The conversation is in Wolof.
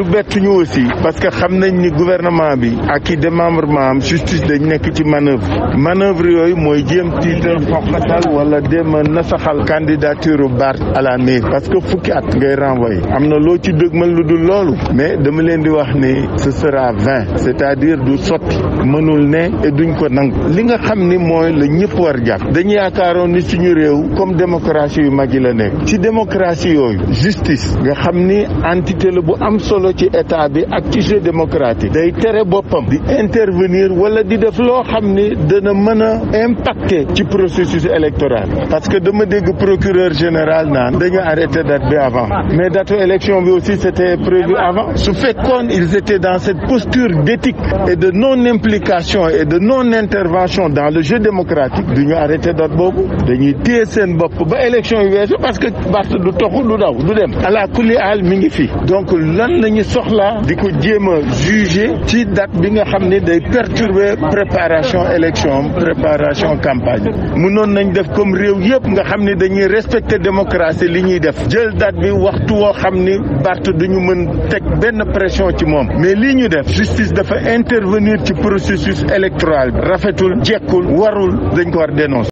lu bettuñu aussi parce que xam nañ ni gouvernement bi ak i démembrement am justice dañ nekk ci manœuvre manœuvre yooyu mooy jéem tiital xoqatal wala dem a nasaxal candidature Bart à la mairie parce que fukki at ngay renvoyé am na loo ci dëgmal lu dul loolu mais dama leen di wax ni ce sera vain c'est-à-dire du sotti mënul ne et duñ ko nangu li nga xam ni mooy la ñëpp war jàpp dañu yaakaaroon ni ñu réew comme démocratie yu mag yi la nekk ci démocratie toll ci état bi ak ci jeu démocratique day tere boppam di intervenir wala di def loo xam ni dana mën a impacter ci processus électoral parce que dama dégg procureur général naan dañu arrêté date bi avant mais date élection bi aussi c'était prévu avant su fekkoon ils étaient dans cette posture d'éthique et de non implication et de non intervention dans le jeu démocratique du ñu arrêté date boobu dañuy téye seen bopp ba élection yi parce que Barth du toxu du daw ñu soxlaa di ko jéem a juger ci date bi nga xam ni day perturber préparation élection préparation campagne mënoon nañ def comme réew yëpp nga xam ni dañuy respecter démocratie li ñuy def jël date bi waxtu woo xam ni Bart duñu mën teg benn pression ci moom mais lii ñu def justice dafa intervenir ci processus électoral bi rafetul jekkul warul dañ ko war dénoncer